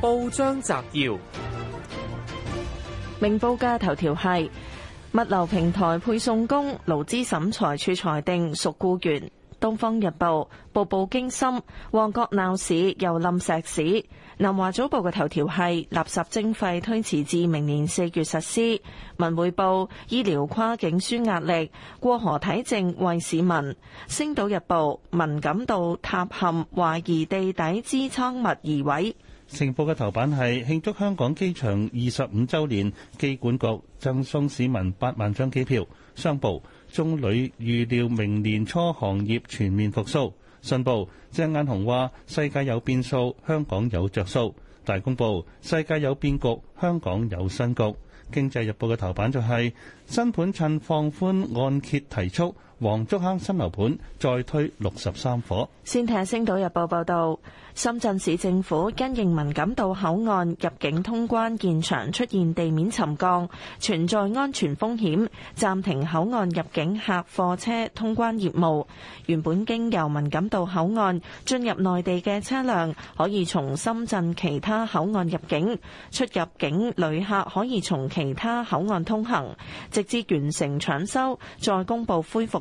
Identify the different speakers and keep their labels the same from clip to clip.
Speaker 1: 報章摘要：明報嘅頭條係物流平台配送工勞資審裁處裁定屬僱員。東方日報，步步驚心，旺角鬧市又冧石屎。南華早報嘅頭條係垃圾徵費推遲至明年四月實施。文匯報，醫療跨境輸壓力，過河體證為市民。星島日報，敏感度塌陷，懷疑地底支撐物移位。成報嘅頭版
Speaker 2: 係慶祝香港機場二十五周年，機管局贈送市民八萬張機票。商報中旅預料明年初行業全面復甦。信報鄭雁雄話世界有變數，香港有着數。大公報世界有變局，香港有新局。經濟日報嘅頭版就係、是、新盤趁放寬按揭提速。黃竹坑新樓盤再推六十三伙。
Speaker 1: 先睇下《星島日報》報道：深圳市政府因應文錦渡口岸入境通關現場出現地面沉降，存在安全風險，暫停口岸入境客貨車通關業務。原本經由文錦渡口岸進入內地嘅車輛，可以從深圳其他口岸入境，出入境旅客可以從其他口岸通行，直至完成搶修再公布恢復。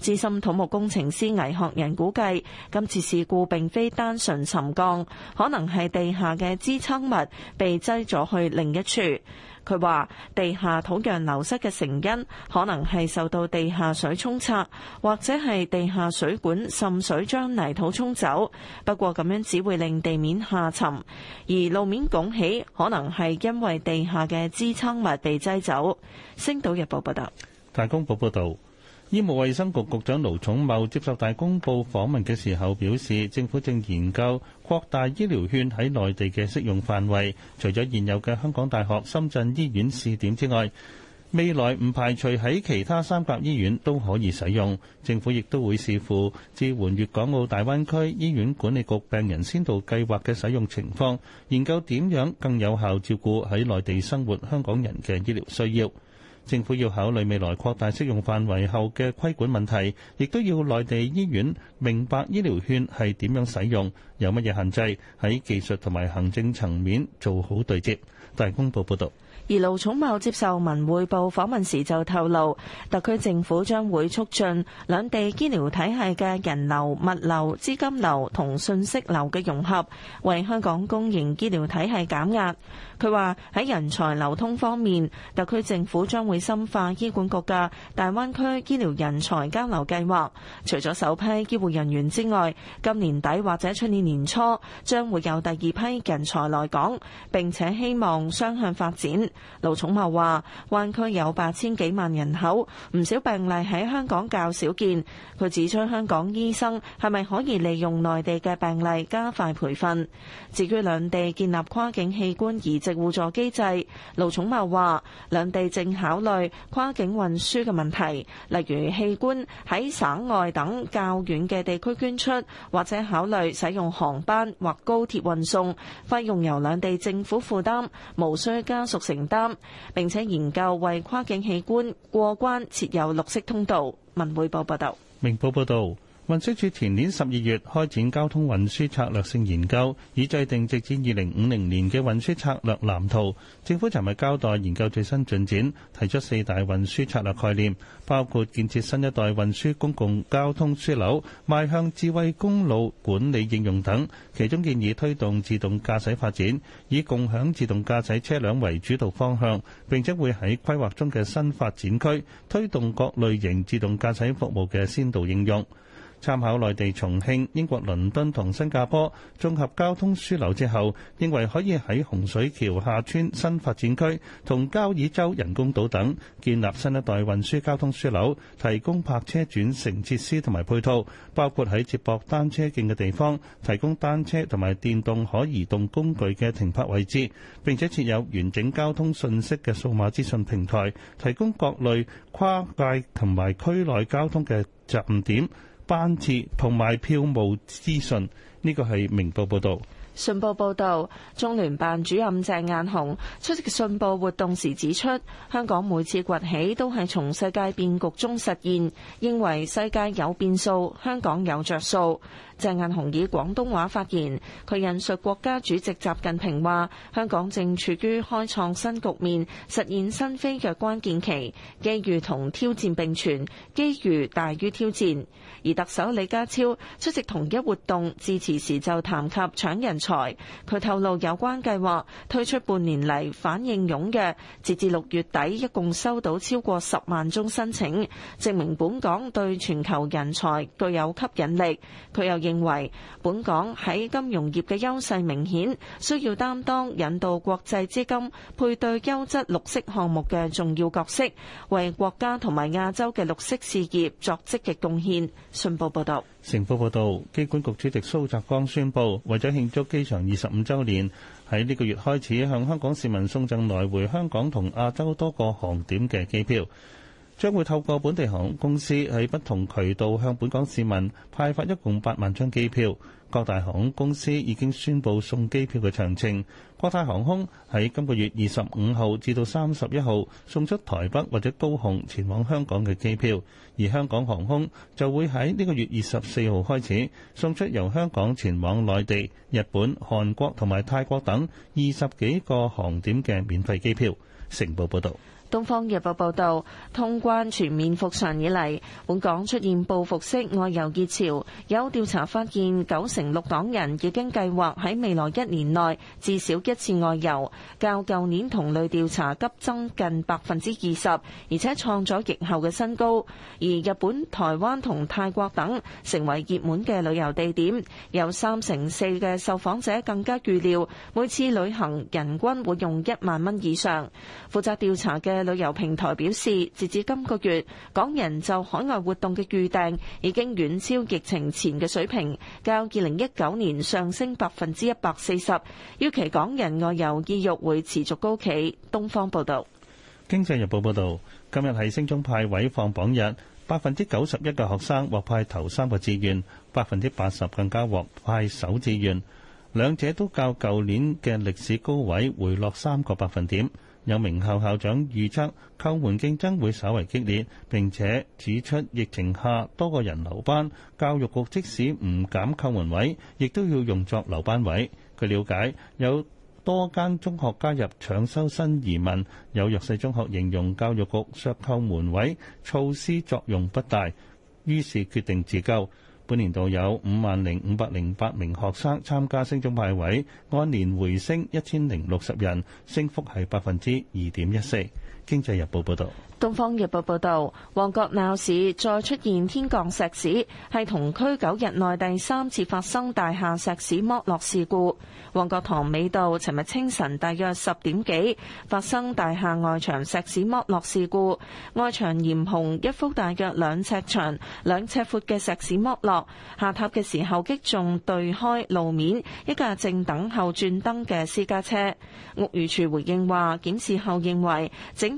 Speaker 1: 資深土木工程師魏學仁估計，今次事故並非單純沉降，可能係地下嘅支撐物被擠咗去另一處。佢話地下土壤流失嘅成因可能係受到地下水沖刷，或者係地下水管滲水將泥土沖走。不過咁樣只會令地面下沉，而路面拱起可能係因為地下嘅支撐物被擠走。星島日報報道，
Speaker 2: 大公報報道。醫務衛生局局長盧寵茂接受大公報訪問嘅時候表示，政府正研究擴大醫療券喺內地嘅適用範圍，除咗現有嘅香港大學深圳醫院試點之外，未來唔排除喺其他三甲醫院都可以使用。政府亦都會視乎支援粵港澳大灣區醫院管理局病人先導計劃嘅使用情況，研究點樣更有效照顧喺內地生活香港人嘅醫療需要。政府要考慮未來擴大適用範圍後嘅規管問題，亦都要內地醫院明白醫療券係點樣使用，有乜嘢限制，喺技術同埋行政層面做好對接。大公報報道。
Speaker 1: 而盧寵茂接受文匯報訪問時就透露，特區政府將會促進兩地醫療體系嘅人流、物流、資金流同信息流嘅融合，為香港公營醫療體系減壓。佢話喺人才流通方面，特區政府將會深化醫管局嘅大灣區醫療人才交流計劃。除咗首批醫護人員之外，今年底或者出年年初將會有第二批人才來港，並且希望雙向發展。盧寵茂話：灣區有八千幾萬人口，唔少病例喺香港較少見。佢指出香港醫生係咪可以利用內地嘅病例加快培訓？至於兩地建立跨境器官移植互助機制。盧寵茂話：兩地正考慮跨境運輸嘅問題，例如器官喺省外等較遠嘅地區捐出，或者考慮使用航班或高鐵運送，費用由兩地政府負擔，無需家屬承擔擔並且研究為跨境器官過關設有綠色通道。文匯報報道，
Speaker 2: 明報報道。運輸署前年十二月開展交通運輸策略性研究，以制定直至二零五零年嘅運輸策略藍圖。政府尋日交代研究最新進展，提出四大運輸策略概念，包括建設新一代運輸公共交通樞紐、邁向智慧公路管理應用等。其中建議推動自動駕駛發展，以共享自動駕駛車輛為主導方向。並且會喺規劃中嘅新發展區推動各類型自動駕駛服務嘅先導應用。參考內地重慶、英國倫敦同新加坡綜合交通樞紐之後，認為可以喺洪水橋下村新發展區同交椅洲人工島等建立新一代運輸交通樞紐，提供泊車轉乘設施同埋配套，包括喺接駁單車徑嘅地方提供單車同埋電動可移動工具嘅停泊位置，並且設有完整交通信息嘅數碼資訊平台，提供各類跨界同埋區內交通嘅集誤點。班次同埋票務資訊，呢個係明報報導。
Speaker 1: 信報報導，中聯辦主任鄭雁雄出席信報活動時指出，香港每次崛起都係從世界變局中實現，認為世界有變數，香港有着數。鄭雁雄以廣東話發言，佢引述國家主席習近平話：香港正處於開創新局面、實現新飛躍嘅關鍵期，機遇同挑戰並存，機遇大於挑戰。而特首李家超出席同一活動，致辭時就談及搶人才，佢透露有關計劃推出半年嚟反應踴躍，截至六月底一共收到超過十萬宗申請，證明本港對全球人才具有吸引力。佢又認為本港喺金融業嘅優勢明顯，需要擔當引導國際資金配對優質綠色項目嘅重要角色，為國家同埋亞洲嘅綠色事業作積極貢獻。信報報道。
Speaker 2: 成報報道，機管局主席蘇澤光宣布，為咗慶祝機場二十五周年，喺呢個月開始向香港市民送贈來回香港同亞洲多個航點嘅機票。將會透過本地航空公司喺不同渠道向本港市民派發一共八萬張機票。各大航空公司已經宣布送機票嘅詳情。國泰航空喺今個月二十五號至到三十一號送出台北或者高雄前往香港嘅機票，而香港航空就會喺呢個月二十四號開始送出由香港前往內地、日本、韓國同埋泰國等二十幾個航點嘅免費機票。成報報道。
Speaker 1: 《東方日報》報導，通關全面復常以嚟，本港出現報復式外遊熱潮。有調查發現，九成六港人已經計劃喺未來一年內至少一次外遊，較舊年同類調查急增近百分之二十，而且創咗疫後嘅新高。而日本、台灣同泰國等成為熱門嘅旅遊地點，有三成四嘅受訪者更加預料，每次旅行人均會用一萬蚊以上。負責調查嘅嘅旅遊平台表示，截至今個月，港人就海外活動嘅預訂已經遠超疫情前嘅水平，較二零一九年上升百分之一百四十。預期港人外遊意欲會持續高企。東方報道。經
Speaker 2: 濟日報報道，今日係升中派位放榜日，百分之九十一嘅學生獲派頭三個志願，百分之八十更加獲派首志願，兩者都較舊年嘅歷史高位回落三個百分點。有名校校長預測叩門競爭會稍為激烈，並且指出疫情下多個人留班，教育局即使唔減叩門位，亦都要用作留班位。據了解，有多間中學加入搶收新移民，有弱勢中學形容教育局削叩門位措施作用不大，於是決定自救。本年度有五萬零五百零八名學生參加升中派位，按年回升一千零六十人，升幅係百分之二點一四。《經濟日報》報導，
Speaker 1: 《東方日報》報導，旺角鬧市再出現天降石屎，係同區九日內第三次發生大廈石屎剝落事故。旺角塘尾道，尋日清晨大約十點幾，發生大廈外牆石屎剝落事故。外牆硪紅，一幅大約兩尺長、兩尺闊嘅石屎剝落，下塌嘅時候擊中對開路面一架正等候轉燈嘅私家車。屋宇署回應話，檢視後認為整。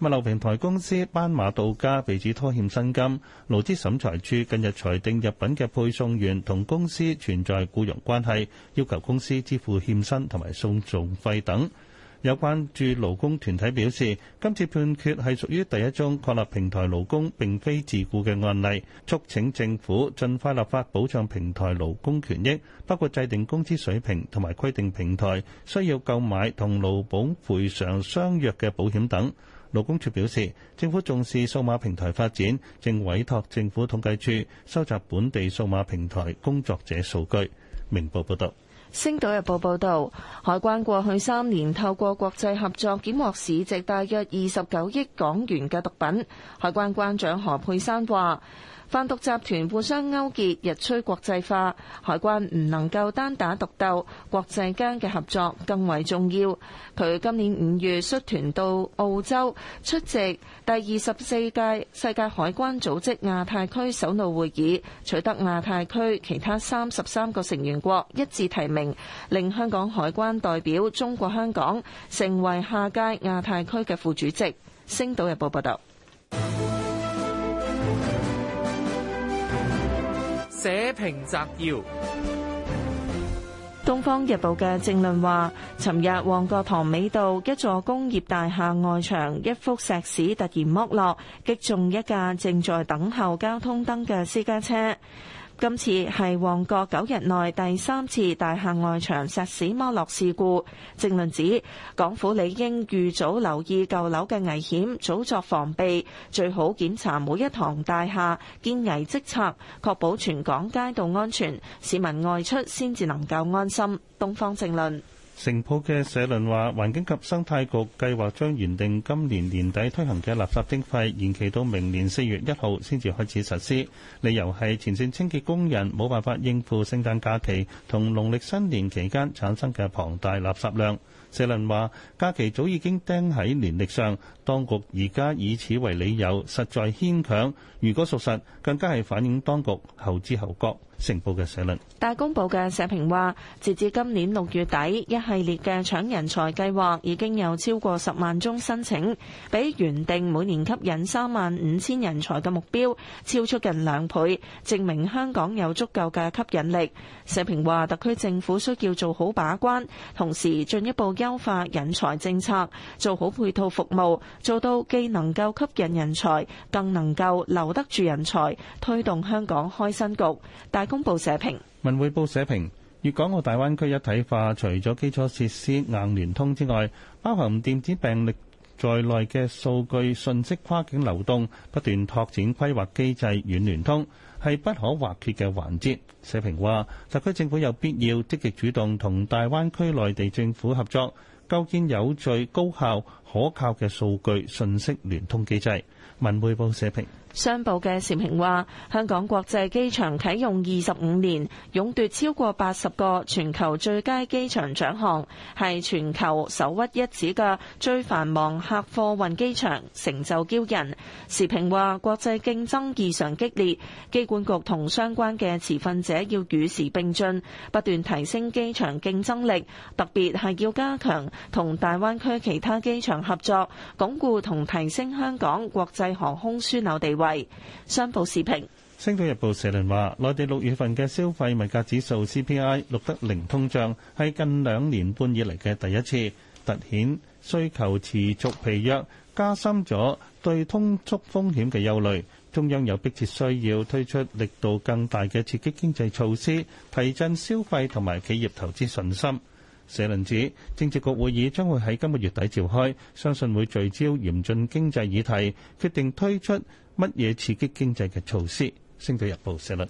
Speaker 2: 物流平台公司斑馬到家被指拖欠薪金，勞資審裁處近日裁定入稟嘅配送員同公司存在僱傭關係，要求公司支付欠薪同埋訴訟費等。有關注勞工團體表示，今次判決係屬於第一宗確立平台勞工並非自僱嘅案例，促請政府盡快立法保障平台勞工權益，包括制定工資水平同埋規定平台需要購買同勞保賠償相約嘅保險等。勞工處表示，政府重視數碼平台發展，正委託政府統計處收集本地數碼平台工作者數據。明報報道，
Speaker 1: 《星島日報》報道，海關過去三年透過國際合作檢獲市值大約二十九億港元嘅毒品。海關關長何佩珊話，販毒集團互相勾結，日趨國際化，海關唔能夠單打獨鬥，國際間嘅合作更為重要。佢今年五月率團到澳洲出席第二十四屆世界海關組織亞太區首腦會議，取得亞太區其他三十三個成員國一致提名，令香港海關代表中國香港成為下屆亞太區嘅副主席。星島日報報道。
Speaker 2: 報章摘要，
Speaker 1: 《東方日報的論》嘅政論話：尋日旺角塘尾道一座工業大廈外牆一幅石屎突然剝落，擊中一架正在等候交通燈嘅私家車。今次係旺角九日內第三次大廈外牆石屎剝落事故，政論指港府理應預早留意舊樓嘅危險，早作防備，最好檢查每一幢大廈，見危即拆，確保全港街道安全，市民外出先至能夠安心。東方政論。
Speaker 2: 成報嘅社論話，環境及生態局計劃將原定今年年底推行嘅垃圾徵費延期到明年四月一號先至開始實施，理由係前線清潔工人冇辦法應付聖誕假期同農曆新年期間產生嘅龐大垃圾量。社論話假期早已經釘喺年曆上，當局而家以此為理由，實在牽強。如果屬實，更加係反映當局後知後覺。成報嘅社論。
Speaker 1: 大公報嘅社評話，截至今年六月底，一系列嘅搶人才計劃已經有超過十萬宗申請，比原定每年吸引三萬五千人才嘅目標超出近兩倍，證明香港有足夠嘅吸引力。社評話，特區政府需要做好把關，同時進一步優化人才政策，做好配套服務，做到既能夠吸引人才，更能夠留得住人才，推動香港開新局。大公報社評。
Speaker 2: 文匯報社評，粵港澳大灣區一體化除咗基礎設施硬聯通之外，包括電子病歷。在內嘅數據信息跨境流動不斷拓展，規劃機制軟聯通係不可或缺嘅環節。社評話，特區政府有必要積極主動同大灣區內地政府合作，構建有序、高效、可靠嘅數據信息聯通機制。文匯報社評。
Speaker 1: 商報嘅時評話香港國際機場啟用二十五年，勇奪超過八十個全球最佳機場獎項，係全球首屈一指嘅最繁忙客貨運機場，成就驕人。時評話國際競爭異常激烈，機管局同相關嘅持份者要與時並進，不斷提升機場競爭力，特別係要加強同大灣區其他機場合作，鞏固同提升香港國際航空樞紐地位。商報視頻，
Speaker 2: 《星島日報》社論話：內地六月份嘅消費物價指數 CPI 錄得零通脹，係近兩年半以嚟嘅第一次，突顯需求持續疲弱，加深咗對通縮風險嘅憂慮。中央有迫切需要推出力度更大嘅刺激經濟措施，提振消費同埋企業投資信心。社論指，政治局會議將會喺今個月底召開，相信會聚焦嚴峻經濟議題，決定推出乜嘢刺激經濟嘅措施？星島日報社論。